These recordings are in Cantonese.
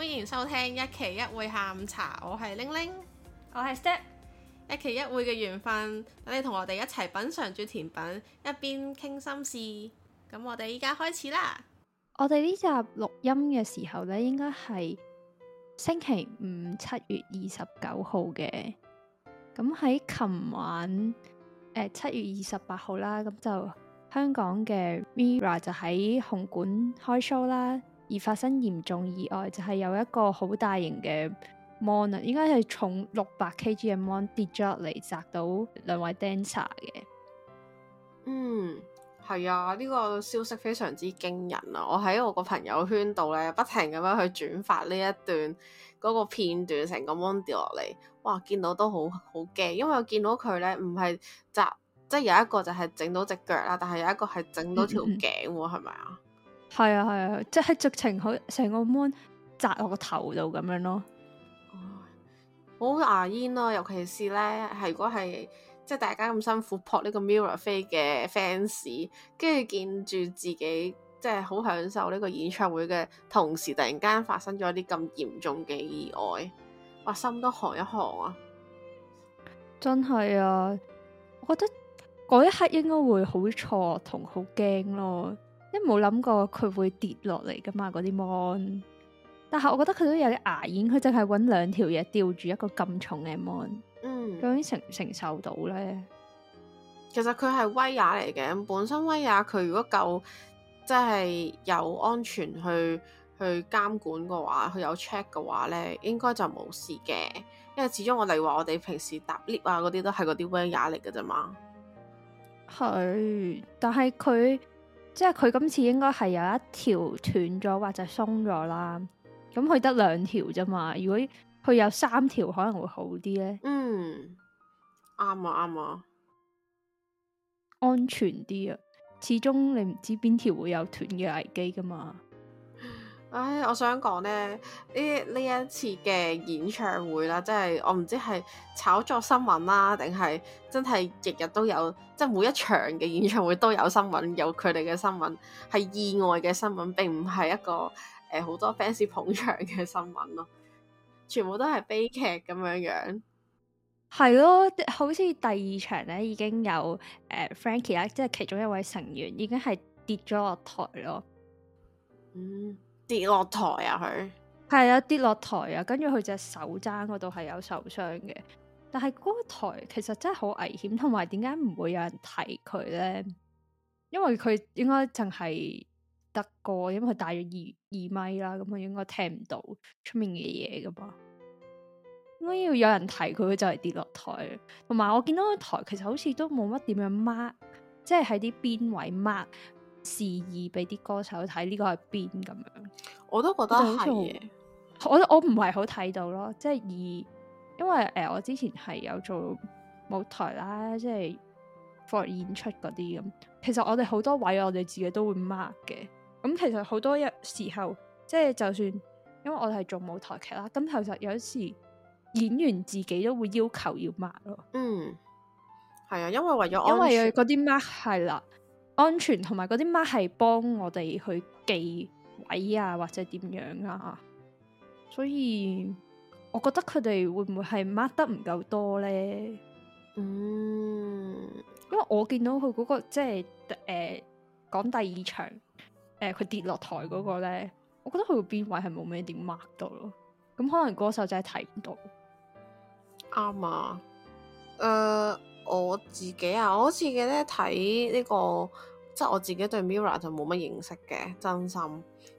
歡迎收聽一期一會下午茶，我係玲玲，我係是 Step，一期一會嘅緣分，等你同我哋一齊品嘗住甜品，一邊傾心事。咁我哋依家開始啦。我哋呢集錄音嘅時候呢，應該係星期五，七月二十九號嘅。咁喺琴晚，呃，七月二十八號啦，咁就香港嘅 Vera 就喺紅館開 show 啦。而發生嚴重意外，就係、是、有一個好大型嘅 mon 啊，應該係重六百 kg 嘅 mon 跌咗落嚟砸到兩位 dancer 嘅。嗯，係啊，呢、這個消息非常之驚人啊！我喺我個朋友圈度咧，不停咁樣去轉發呢一段嗰、那個片段，成個 mon 跌落嚟，哇！見到都好好驚，因為我見到佢咧，唔係砸，即係有一個就係整到隻腳啦，但係有一個係整到條頸喎，係咪啊？ 是係啊，係啊，即係直情好成個 moon 砸我個頭度咁樣咯，好、哦、牙煙咯、啊，尤其是呢，係如果係即係大家咁辛苦撲呢個 Mirror 飛嘅 fans，跟住見住自己即係好享受呢個演唱會嘅同時，突然間發生咗啲咁嚴重嘅意外，哇，心都寒一寒啊！真係啊，我覺得嗰一刻應該會好錯同好驚咯。一冇諗過佢會跌落嚟噶嘛？嗰啲 mon 但係我覺得佢都有啲牙煙，佢淨係搵兩條嘢吊住一個咁重嘅 mon 嗯，究竟承唔承受到咧？其實佢係威亞嚟嘅，本身威亞佢如果夠即係有安全去去監管嘅話，佢有 check 嘅話咧，應該就冇事嘅。因為始終我哋話我哋平時搭 lift 啊嗰啲都係嗰啲威亞嚟嘅啫嘛。係，但係佢。即係佢今次應該係有一條斷咗或者鬆咗啦，咁佢得兩條啫嘛。如果佢有三條可能會好啲咧。嗯，啱啊啱啊，啊安全啲啊。始終你唔知邊條會有斷嘅危機㗎嘛。唉，我想講呢呢一次嘅演唱會啦，即係我唔知係炒作新聞啦，定係真係日日都有，即係每一場嘅演唱會都有新聞，有佢哋嘅新聞係意外嘅新聞，並唔係一個誒好、呃、多 fans 捧場嘅新聞咯，全部都係悲劇咁樣樣。係咯、哦，好似第二場咧已經有誒、呃、Frankie 啦，即係其中一位成員已經係跌咗落台咯。嗯。跌落台啊！佢係啊，跌落台啊，跟住佢隻手踭嗰度係有受傷嘅。但係嗰台其實真係好危險，同埋點解唔會有人提佢咧？因為佢應該淨係得個，因為佢大約二二米啦，咁、嗯、佢應該聽唔到出面嘅嘢噶嘛。應該要有人提佢，佢就係跌落台。同埋我見到嗰台其實好似都冇乜點樣抹，即係喺啲邊位抹。示意俾啲歌手睇呢個係邊咁樣，我都覺得係的。我我唔係好睇到咯，即係而因為誒、呃，我之前係有做舞台啦，即係 for 演出嗰啲咁。其實我哋好多位我哋自己都會 mark 嘅。咁其實好多時候，即係就算因為我哋係做舞台劇啦，咁其實有時演員自己都會要求要 mark 咯。嗯，係啊，因為為咗安全，因為嗰啲 mark 係啦。安全同埋嗰啲 mark 係、er、幫我哋去記位啊，或者點樣啊，所以我覺得佢哋會唔會係 mark 得唔夠多咧？嗯，因為我見到佢嗰個即係誒講第二場誒，佢跌落台嗰個咧，我覺得佢、er 嗯那個邊、呃呃、位係冇咩點 mark 到、er、咯，咁可能歌手真係睇唔到，啱啊。誒，我自己啊，我自己咧睇呢、這個。即我自己對 Mirror 就冇乜認識嘅，真心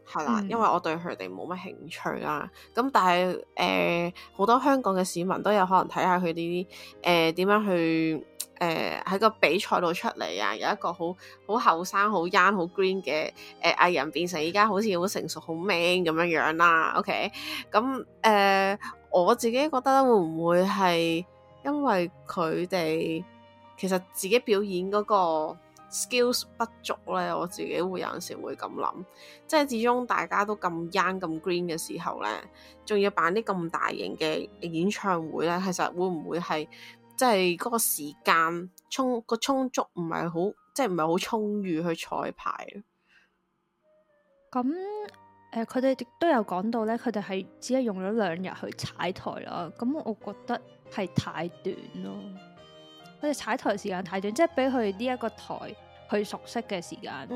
係啦，嗯、因為我對佢哋冇乜興趣啦、啊。咁但係誒，好、呃、多香港嘅市民都有可能睇下佢哋啲誒點樣去誒喺、呃、個比賽度出嚟啊！有一個好好後生、好 young、好 green 嘅誒、呃、藝人變成而家好似好成熟、好 man 咁樣樣啦、啊。OK，咁誒、呃、我自己覺得會唔會係因為佢哋其實自己表演嗰、那個？Skills 不足咧，我自己會有陣時會咁諗，即係始終大家都咁 young、咁 green 嘅時候咧，仲要辦啲咁大型嘅演唱會咧，其實會唔會係即係嗰個時間充、個充足唔係好，即係唔係好充裕去彩排？咁誒，佢哋亦都有講到咧，佢哋係只係用咗兩日去踩台啦。咁我覺得係太短咯。佢哋踩台時間太短，即係俾佢呢一個台去熟悉嘅時間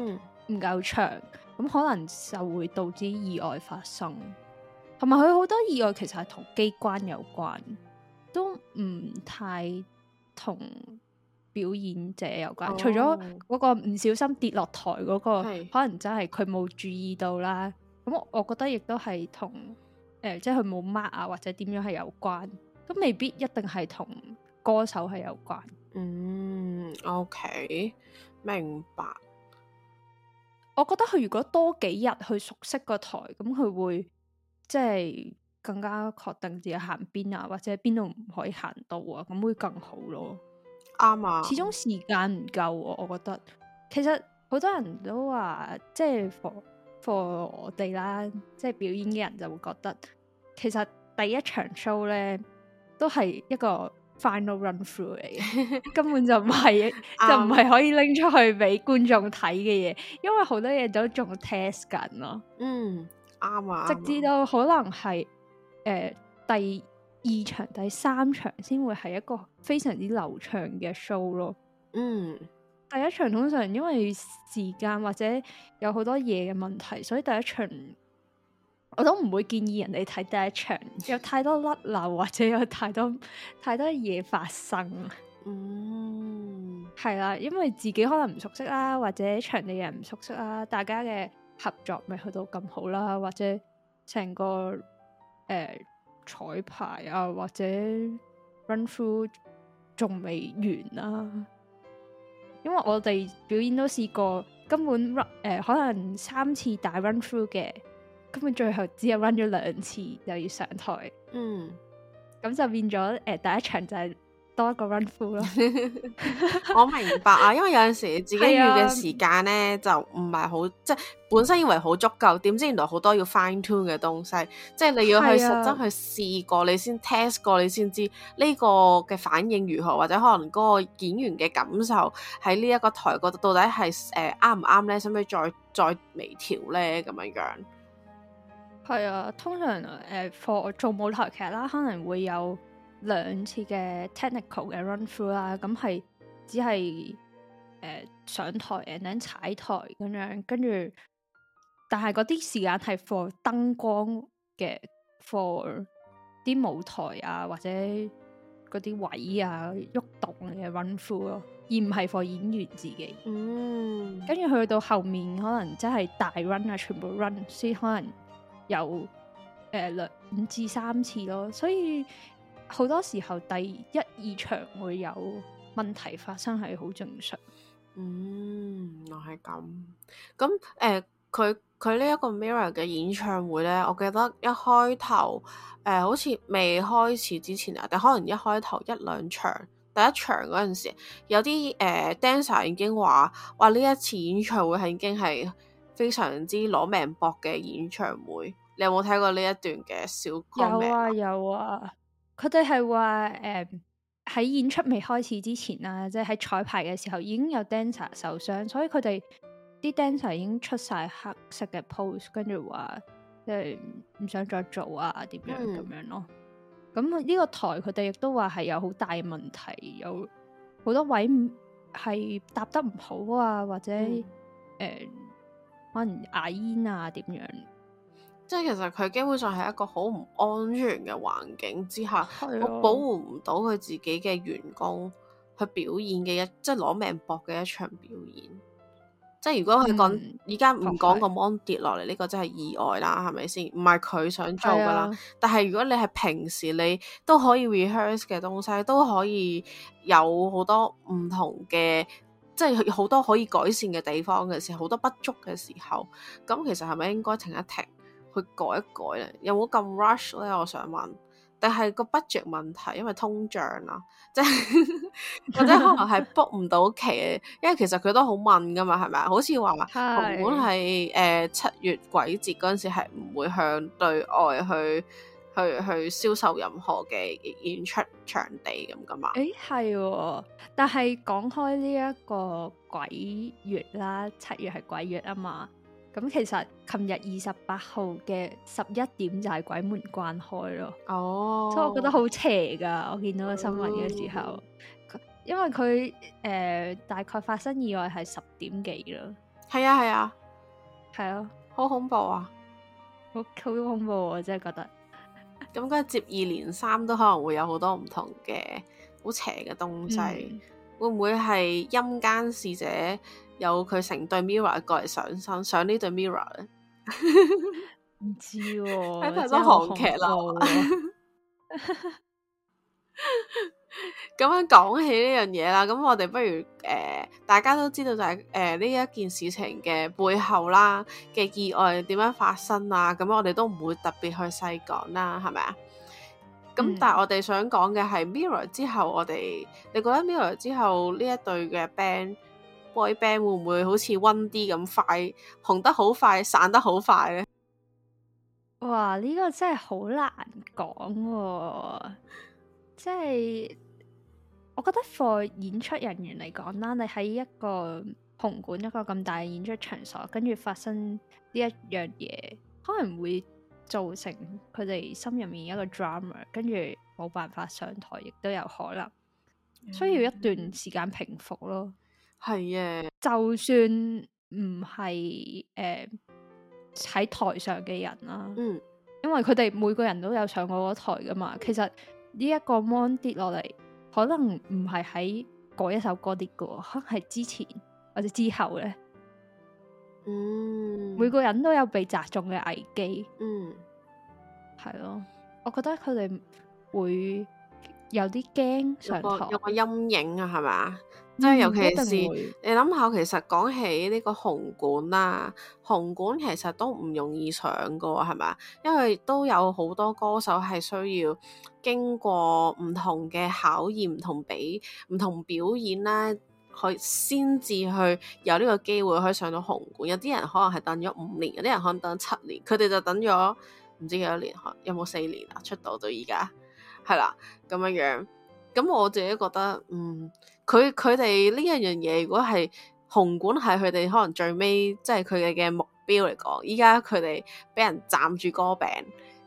唔夠長，咁、嗯、可能就會導致意外發生。同埋佢好多意外其實係同機關有關，都唔太同表演者有關。哦、除咗嗰個唔小心跌落台嗰，嗰個，是可能真係佢冇注意到啦。咁我覺得亦都係同誒，即係佢冇 mark 啊，或者點樣係有關，都未必一定係同。歌手係有關。嗯，OK，明白。我覺得佢如果多幾日去熟悉個台，咁佢會即係、就是、更加確定自己行邊啊，或者邊度唔可以行到啊，咁會更好咯。啱、嗯、啊，始終時間唔夠喎。我覺得其實好多人都話，即係 for for 我哋啦，即係表演嘅人就會覺得其實第一場 show 咧都係一個。Final run through 嚟嘅，根本就唔係， 就唔係可以拎出去俾觀眾睇嘅嘢，因為好多嘢都仲 test 緊咯。嗯，啱啊。直至到可能係，誒、呃，第二場、第三場先會係一個非常之流暢嘅 show 咯。嗯，第一場通常因為時間或者有好多嘢嘅問題，所以第一場。我都唔會建議人哋睇第一場，有太多甩漏或者有太多太多嘢發生。嗯，係啦，因為自己可能唔熟悉啦，或者場地人唔熟悉啦，大家嘅合作未去到咁好啦，或者成個誒、呃、彩排啊或者 run through 仲未完啦、啊。因為我哋表演都試過，根本 run、誒、呃、可能三次大 run through 嘅。根本最後只有 run 咗兩次，又要上台，嗯，咁就變咗誒、呃，第一場就係多一個 run through 咯。 我明白啊，因為有陣時自己預嘅時間咧、啊、就唔係好，即係本身以為好足夠，點知原來好多要 fine tune 嘅東西，即係你要去實質去試過你，啊、試過你先 test 過，你先知呢個嘅反應如何，或者可能嗰個演員嘅感受喺呢一個台度到底係誒啱唔啱咧，使唔使再再微調咧，咁樣樣。係啊，通常誒，for、呃、做舞台劇啦，可能會有兩次嘅 technical 嘅 run through 啦。咁係只係誒、呃、上台，and then 踩台咁樣跟住，但係嗰啲時間係 for 燈光嘅，for 啲舞台啊或者嗰啲位啊喐動嘅 run through 咯，而唔係 for 演員自己。嗯，跟住去到後面可能真係大 run 啊，全部 run 先可能。有誒、呃、兩五至三次咯，所以好多時候第一二場會有問題發生，係好正常。嗯，原來係咁咁誒，佢佢呢一個 Mirror 嘅演唱會咧，我記得一開頭誒、呃、好似未開始之前啊，但可能一開頭一兩場，第一場嗰陣時有啲誒、呃、dancer 已經話話呢一次演唱會係已經係非常之攞命搏嘅演唱會。你有冇睇過呢一段嘅小？有有啊，有啊，佢哋係話誒，喺演出未開始之前啊，即係喺彩排嘅時候已經有 dancer 受傷，所以佢哋啲 dancer 已經出晒黑色嘅 post，跟住話即係唔想再做啊，點樣咁、嗯、樣咯？咁呢個台佢哋亦都話係有好大問題，有好多位係搭得唔好啊，或者誒、嗯呃、可能牙煙啊點樣？即係其實佢基本上係一個好唔安全嘅環境之下，我、啊、保護唔到佢自己嘅員工去表演嘅一即係攞命搏嘅一場表演。即係如果佢講而家唔講個 mon 跌落嚟，呢個真係意外啦，係咪先？唔係佢想做㗎啦。啊、但係如果你係平時，你都可以 rehearse 嘅東西都可以有好多唔同嘅，即係好多可以改善嘅地方嘅時候，好多不足嘅時候，咁其實係咪應該停一停？佢改一改咧，有冇咁 rush 咧？我想問，但係個 budget 問題，因為通脹啦、啊，即 係或者可能係 book 唔到期 因為其實佢都好問噶嘛，係咪？好似話話紅館係誒七月鬼節嗰陣時係唔會向對外去去去銷售任何嘅演出場地咁噶嘛？誒係、欸哦，但係講開呢一個鬼月啦，七月係鬼月啊嘛～咁其實琴日二十八號嘅十一點就係鬼門關開咯，oh. 所以我覺得好邪㗎。我見到個新聞嘅時候，oh. 因為佢誒、呃、大概發生意外係十點幾咯。係啊係啊，係啊，啊好恐怖啊！好好恐怖啊！真係覺得咁，佢 接二連三都可能會有好多唔同嘅好邪嘅東西，嗯、會唔會係陰間使者？有佢成對 mirror 過嚟上身，上呢對 mirror 咧，唔 知喎、啊，太多韓劇啦。咁 樣講起呢樣嘢啦，咁我哋不如誒、呃，大家都知道、就係，就係誒呢一件事情嘅背後啦嘅意外點樣發生啊？咁我哋都唔會特別去細講啦，係咪啊？咁、嗯、但係我哋想講嘅係 mirror 之後我，我哋你覺得 mirror 之後呢一隊嘅 band？Boy band 會唔會好似 One D 咁快紅得好快，散得好快呢？哇！呢個真係好難講喎。即係我覺得，for 演出人員嚟講啦，你喺一個紅館一個咁大嘅演出場所，跟住發生呢一樣嘢，可能會造成佢哋心入面一個 drama，跟住冇辦法上台，亦都有可能需要一段時間平復咯。係啊，是就算唔係誒喺台上嘅人啦，嗯，因為佢哋每個人都有上過嗰台噶嘛。嗯、其實呢一個 Mon 跌落嚟，可能唔係喺嗰一首歌跌噶，可能係之前或者之後咧。嗯，每個人都有被砸中嘅危機。嗯，係咯，我覺得佢哋會有啲驚上台，有個陰影啊，係嘛？即係，嗯、尤其是你諗下，其實講起呢個紅館啦，紅館其實都唔容易上嘅，係咪？因為都有好多歌手係需要經過唔同嘅考驗，同比唔同表演啦，去先至去有呢個機會可以上到紅館。有啲人可能係等咗五年，有啲人可能等七年，佢哋就等咗唔知幾多年。有冇四年啊？出道到而家係啦，咁樣樣。咁我自己覺得，嗯。佢佢哋呢一樣嘢，如果係紅館係佢哋可能最尾，即係佢哋嘅目標嚟講，依家佢哋俾人斬住歌餅，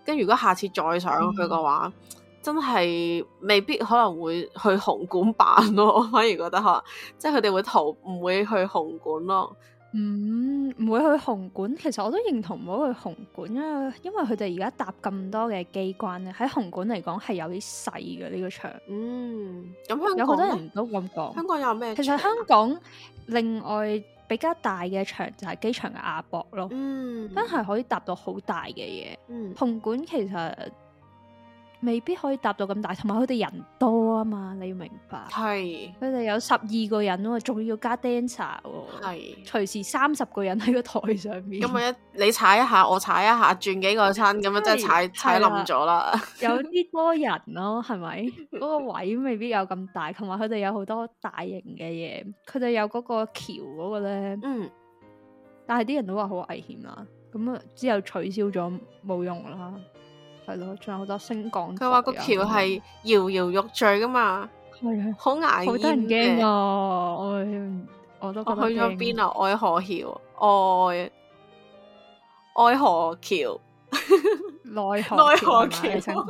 跟住如果下次再上去嘅話，嗯、真係未必可能會去紅館辦咯，我反而覺得嚇，即係佢哋會投唔會去紅館咯。唔唔、嗯、會去紅館，其實我都認同唔好去紅館，啊，因為因為佢哋而家搭咁多嘅機關咧，喺紅館嚟講係有啲細嘅呢個場。嗯，咁香，香港有好多人都咁講。香港有咩？其實香港另外比較大嘅場就係機場嘅亞博咯。嗯，真係可以搭到好大嘅嘢。嗯，紅館其實。未必可以搭到咁大，同埋佢哋人多啊嘛，你要明白。係佢哋有十二個人喎，仲要加 Dancer 喎，係隨是時三十個人喺個台上面。咁咪一你踩一下，我踩一下，轉幾個餐。咁是樣即係踩的踩冧咗啦。有啲多人咯，係咪？嗰、那個位未必有咁大，同埋佢哋有好多大型嘅嘢，佢哋有嗰個橋嗰個咧。嗯。但係啲人都話好危險啦、啊，咁啊之後取消咗冇用啦。係咯，仲有好多升降、啊。佢話個橋係搖搖欲墜噶嘛，係啊的，好危險，好得人驚啊！我我都去咗邊啊？愛河橋，愛愛河橋，奈何奈何橋，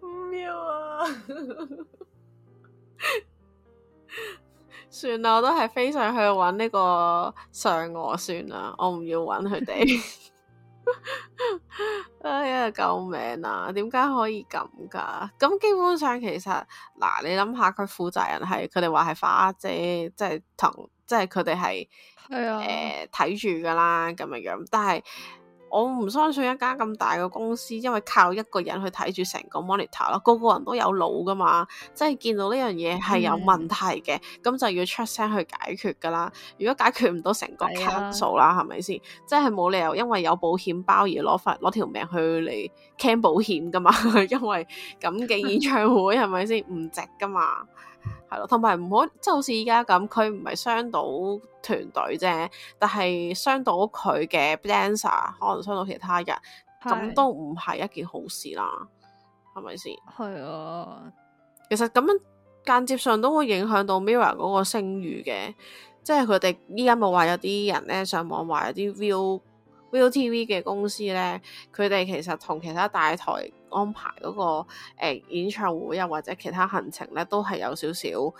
唔妙啊！算啦，我都係 飛上去搵呢個嫦娥算啦，我唔要搵佢哋。 哎呀，救命啊！點解可以咁噶？咁基本上其實嗱，你諗下佢負責人係，佢哋話係花姐，即係同，即係佢哋係，係啊，誒睇住噶啦，咁樣樣，但係。我唔相信一家咁大嘅公司，因為靠一個人去睇住成個 monitor 咯，個個人都有腦噶嘛，即係見到呢樣嘢係有問題嘅，咁、嗯、就要出聲去解決噶啦。如果解決唔到成個 cancel 啦，係咪先？即係冇理由因為有保險包而攞份攞條命去嚟 claim 保險噶嘛？因為咁嘅演唱會，係咪先唔值噶嘛？係咯，同埋唔好，即係好似依家咁，佢唔係傷到團隊啫，但係傷到佢嘅 b dancer，可能傷到其他人，咁都唔係一件好事啦，係咪先？係啊的，其實咁樣間接上都會影響到 Mirror 嗰個聲譽嘅，即係佢哋依家咪話有啲人咧上網話有啲 Viu ViuTV 嘅公司咧，佢哋其實同其他大台。安排嗰、那個、欸、演唱會又或者其他行程咧，都係有少少誒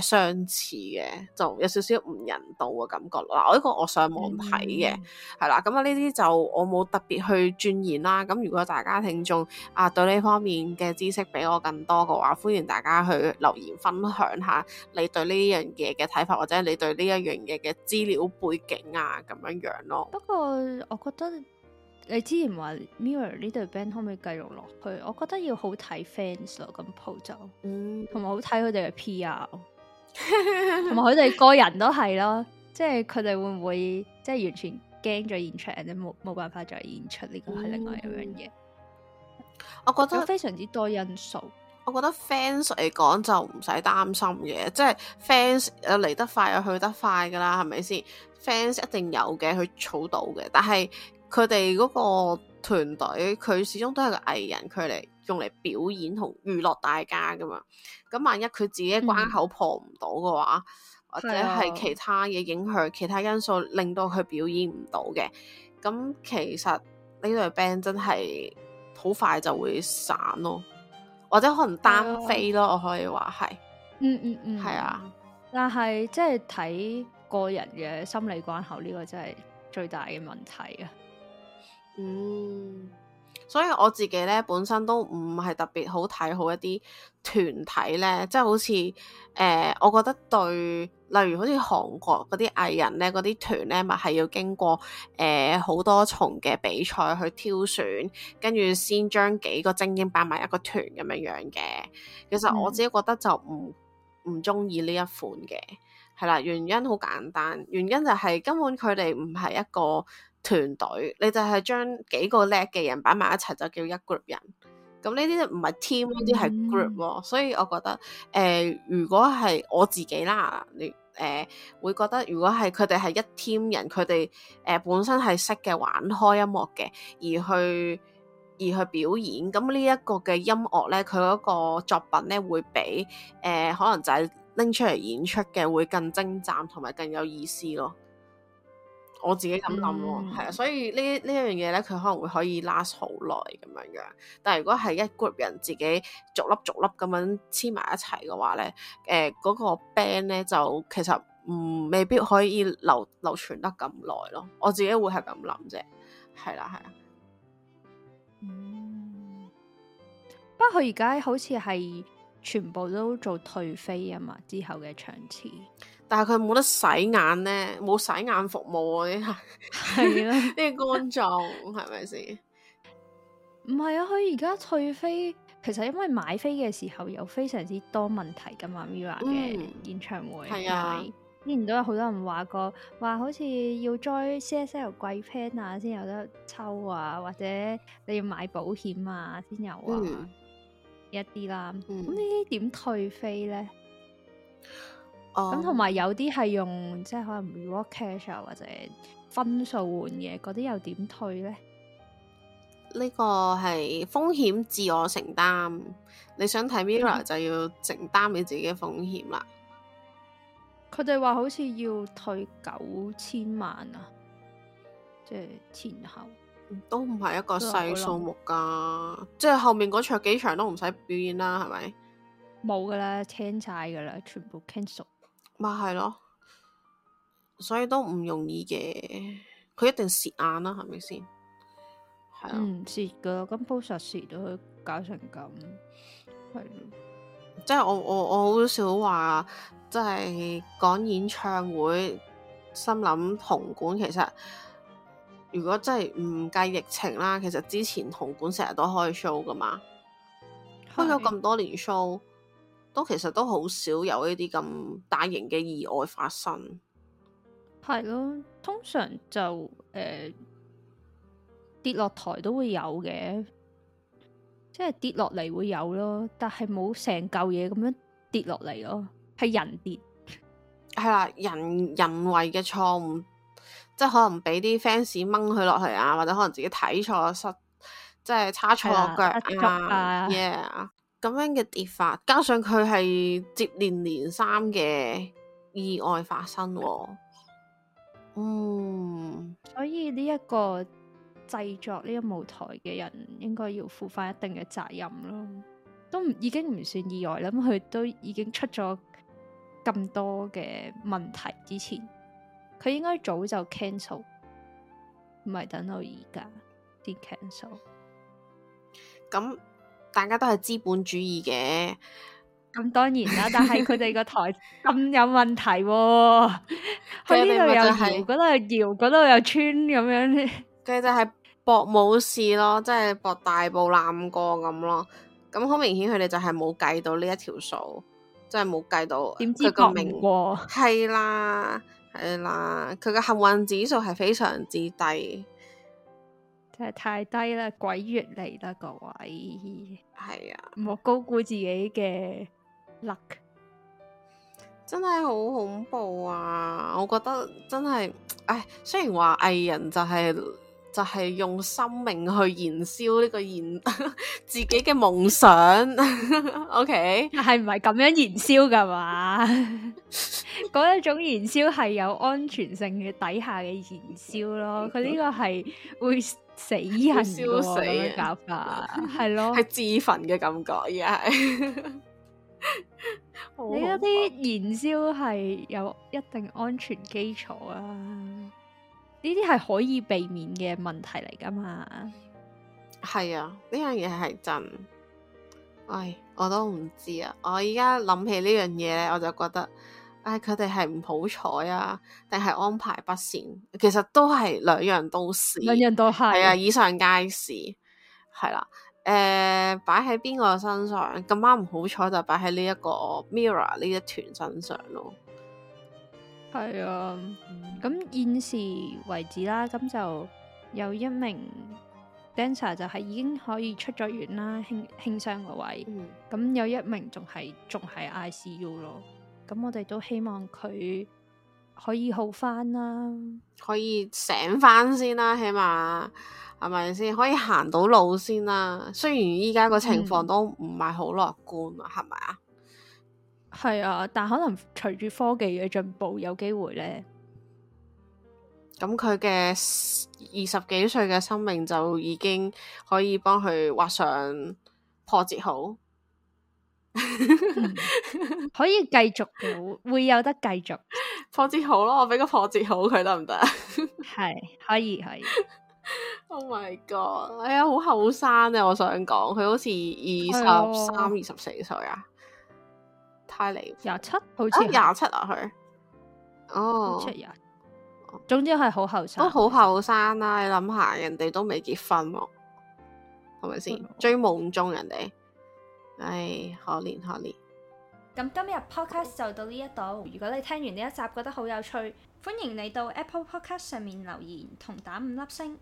相似嘅，就有少少唔人道嘅感覺嗱，我呢個我上網睇嘅，係啦、嗯，咁啊呢啲就我冇特別去鑽研啦。咁如果大家聽眾啊對呢方面嘅知識比我更多嘅話，歡迎大家去留言分享下你對呢樣嘢嘅睇法，或者你對呢一樣嘢嘅資料背景啊咁樣樣咯。不過我覺得。你之前話 Mirror 呢隊 band 可唔可以繼續落去？我覺得要好睇 fans 咯，咁鋪就，同埋、嗯、好睇佢哋嘅 PR，同埋佢哋個人都係咯，即係佢哋會唔會即係完全驚咗現場，都冇冇辦法再演出，呢個係另外一樣嘢。嗯、絲我覺得非常之多因素。我覺得 fans 嚟講就唔使擔心嘅，即係 fans 嚟得快又去得快噶啦，係咪先？fans 一定有嘅，佢儲到嘅，但係。佢哋嗰個團隊，佢始終都係個藝人，佢嚟用嚟表演同娛樂大家噶嘛。咁萬一佢自己關口破唔到嘅話，嗯、或者係其他嘅影響、的其他因素令到佢表演唔到嘅，咁其實呢隊 band 真係好快就會散咯，或者可能單飛咯，的我可以話係、嗯。嗯嗯嗯。係啊，但係即係睇個人嘅心理關口，呢、呢個真係最大嘅問題啊！嗯，所以我自己咧本身都唔係特別好睇好一啲團體咧，即係好似誒、呃，我覺得對，例如好似韓國嗰啲藝人咧，嗰啲團咧，咪、就、係、是、要經過誒好、呃、多重嘅比賽去挑選，跟住先將幾個精英擺埋一個團咁樣樣嘅。其實我自己覺得就唔唔中意呢一款嘅，係啦，原因好簡單，原因就係根本佢哋唔係一個。團隊，你就係將幾個叻嘅人擺埋一齊就叫一 group 人。咁呢啲唔係 team 呢啲係 group，所以我覺得，誒、呃，如果係我自己啦，你、呃、誒會覺得，如果係佢哋係一 team 人，佢哋誒本身係識嘅玩開音樂嘅，而去而去表演，咁呢一個嘅音樂咧，佢嗰個作品咧會比誒、呃、可能就係拎出嚟演出嘅會更精湛同埋更有意思咯。我自己咁諗咯，係啊、嗯，所以呢呢一樣嘢咧，佢可能會可以 last 好耐咁樣樣。但係如果係一 group 人自己逐粒逐粒咁樣黐埋一齊嘅話咧，誒、呃、嗰個 band 咧就其實唔未必可以流流傳得咁耐咯。我自己會係咁諗啫，係啦，係啊。不過佢而家好似係。全部都做退飛啊嘛，之後嘅場次，但係佢冇得洗眼咧，冇洗眼服務啊！呢下係啦，呢個肝臟係咪先？唔係啊，佢而家退飛，其實因為買飛嘅時候有非常之多問題噶嘛，Mirror 嘅演唱會係、嗯、啊，之前都有好多人話過，話好似要 join CSL 貴 plan 啊，先有得抽啊，或者你要買保險啊，先有啊。嗯一啲啦，咁、嗯、呢啲點退飛咧？咁同埋有啲係用即係、就是、可能 reward cash、啊、或者分數換嘢，嗰啲又點退咧？呢個係風險自我承擔，你想睇 Mirror 就要承擔你自己嘅風險啦。佢哋話好似要退九千萬啊，即、就、係、是、前後。都唔係一個細數目噶，即係後面嗰場幾場都唔使表演啦，係咪？冇噶啦，清晒噶啦，全部 cancel。咪係咯，所以都唔容易嘅。佢一定蝕眼啦，係咪先？係啊，唔蝕噶，咁 post 蝕到搞成咁，係咯。即係我我我好少話，即係講演唱會，心諗紅館其實。如果真係唔計疫情啦，其實之前紅館成日都開 show 㗎嘛，開咗咁多年 show，都其實都好少有呢啲咁大型嘅意外發生。係咯，通常就誒、呃、跌落台都會有嘅，即係跌落嚟會有咯，但係冇成嚿嘢咁樣跌落嚟咯，係人跌。係啦，人，人為嘅錯誤。即係可能俾啲 fans 掹佢落去啊，或者可能自己睇錯失，即係差錯腳啊，咁樣嘅跌法，加上佢係接連連三嘅意外發生啊，嗯，所以呢一個製作呢個舞台嘅人應該要負翻一定嘅責任咯，都唔，已經唔算意外啦，佢都已經出咗咁多嘅問題之前。佢應該早就 cancel，唔係等到而家啲 cancel。咁大家都係資本主義嘅，咁、嗯、當然啦。但係佢哋個台咁有問題，啊，喺呢度又搖，嗰度又搖，嗰度又穿咁樣。即係就博冇事咯，即、就、係、是、博大步攬過咁咯。咁好明顯，佢哋就係冇計到呢一條數，即係冇計到。點知博唔過？係啦。係啦，佢嘅幸運指數係非常之低，真係太低啦！鬼月嚟啦，各位，係啊的，唔好高估自己嘅 luck，真係好恐怖啊！我覺得真係，唉，雖然話藝人就係、是。就係用生命去燃燒呢個燃 自己嘅的夢想 ，OK？係唔係咁樣燃燒㗎嘛？嗰 一種燃燒係有安全性嘅底下嘅燃燒咯，佢呢個係會死人燒死啊！係咯，係 自焚嘅感覺而家係， 你一啲燃燒係有一定安全基礎啊。呢啲係可以避免嘅問題嚟㗎嘛？係啊，呢樣嘢係真。唉，我都唔知啊。我依家諗起呢樣嘢咧，我就覺得，唉、哎，佢哋係唔好彩啊，定係安排不善？其實都係兩樣都係，兩樣都係啊，以上皆是、啊。係、呃、啦，誒，擺喺邊個身上？咁啱唔好彩就擺喺呢一個 Mirror 呢一團身上咯。係啊，咁現時為止啦，咁就有一名 dancer 就係已經可以出咗院啦，輕輕傷個位，咁、嗯、有一名仲係仲係 ICU 咯，咁我哋都希望佢可以好翻，啦，可以醒翻先啦，起碼係咪先？可以行到路先啦，雖然依家個情況、嗯、都唔係好樂觀啊，係咪啊？係啊，但可能隨住科技嘅進步有機，有機會咧。咁佢嘅二十幾歲嘅生命就已經可以幫佢畫上破折號 ，可以繼續會有得繼續破折號咯。我畀個破折號佢得唔得？係可以可以。Oh my god！哎呀，好後生啊！我想講，佢好似二十三、二十四歲啊。廿七，27，好似廿七啊！佢，哦，廿七，oh。總之係好後生，都好後生啦！你諗下，人哋都未結婚，係咪先追夢中人哋？唉，可憐可憐。咁今日 podcast 就到呢一度。如果你聽完呢一集覺得好有趣，歡迎你到 Apple Podcast 上面留言同打五粒星。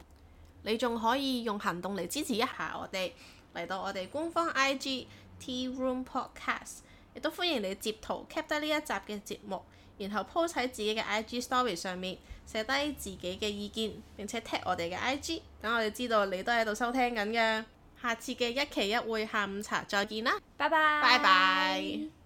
你仲可以用行動嚟支持一下我哋，嚟到我哋官方 IG Tea Room Podcast。亦都歡迎你截圖 cap 得呢一集嘅節目，然後 po 喺自己嘅 IG story 上面，寫低自己嘅意見，並且 tag 我哋嘅 IG，等我哋知道你都喺度收聽緊嘅。下次嘅一期一會下午茶，再見啦，拜拜，拜拜。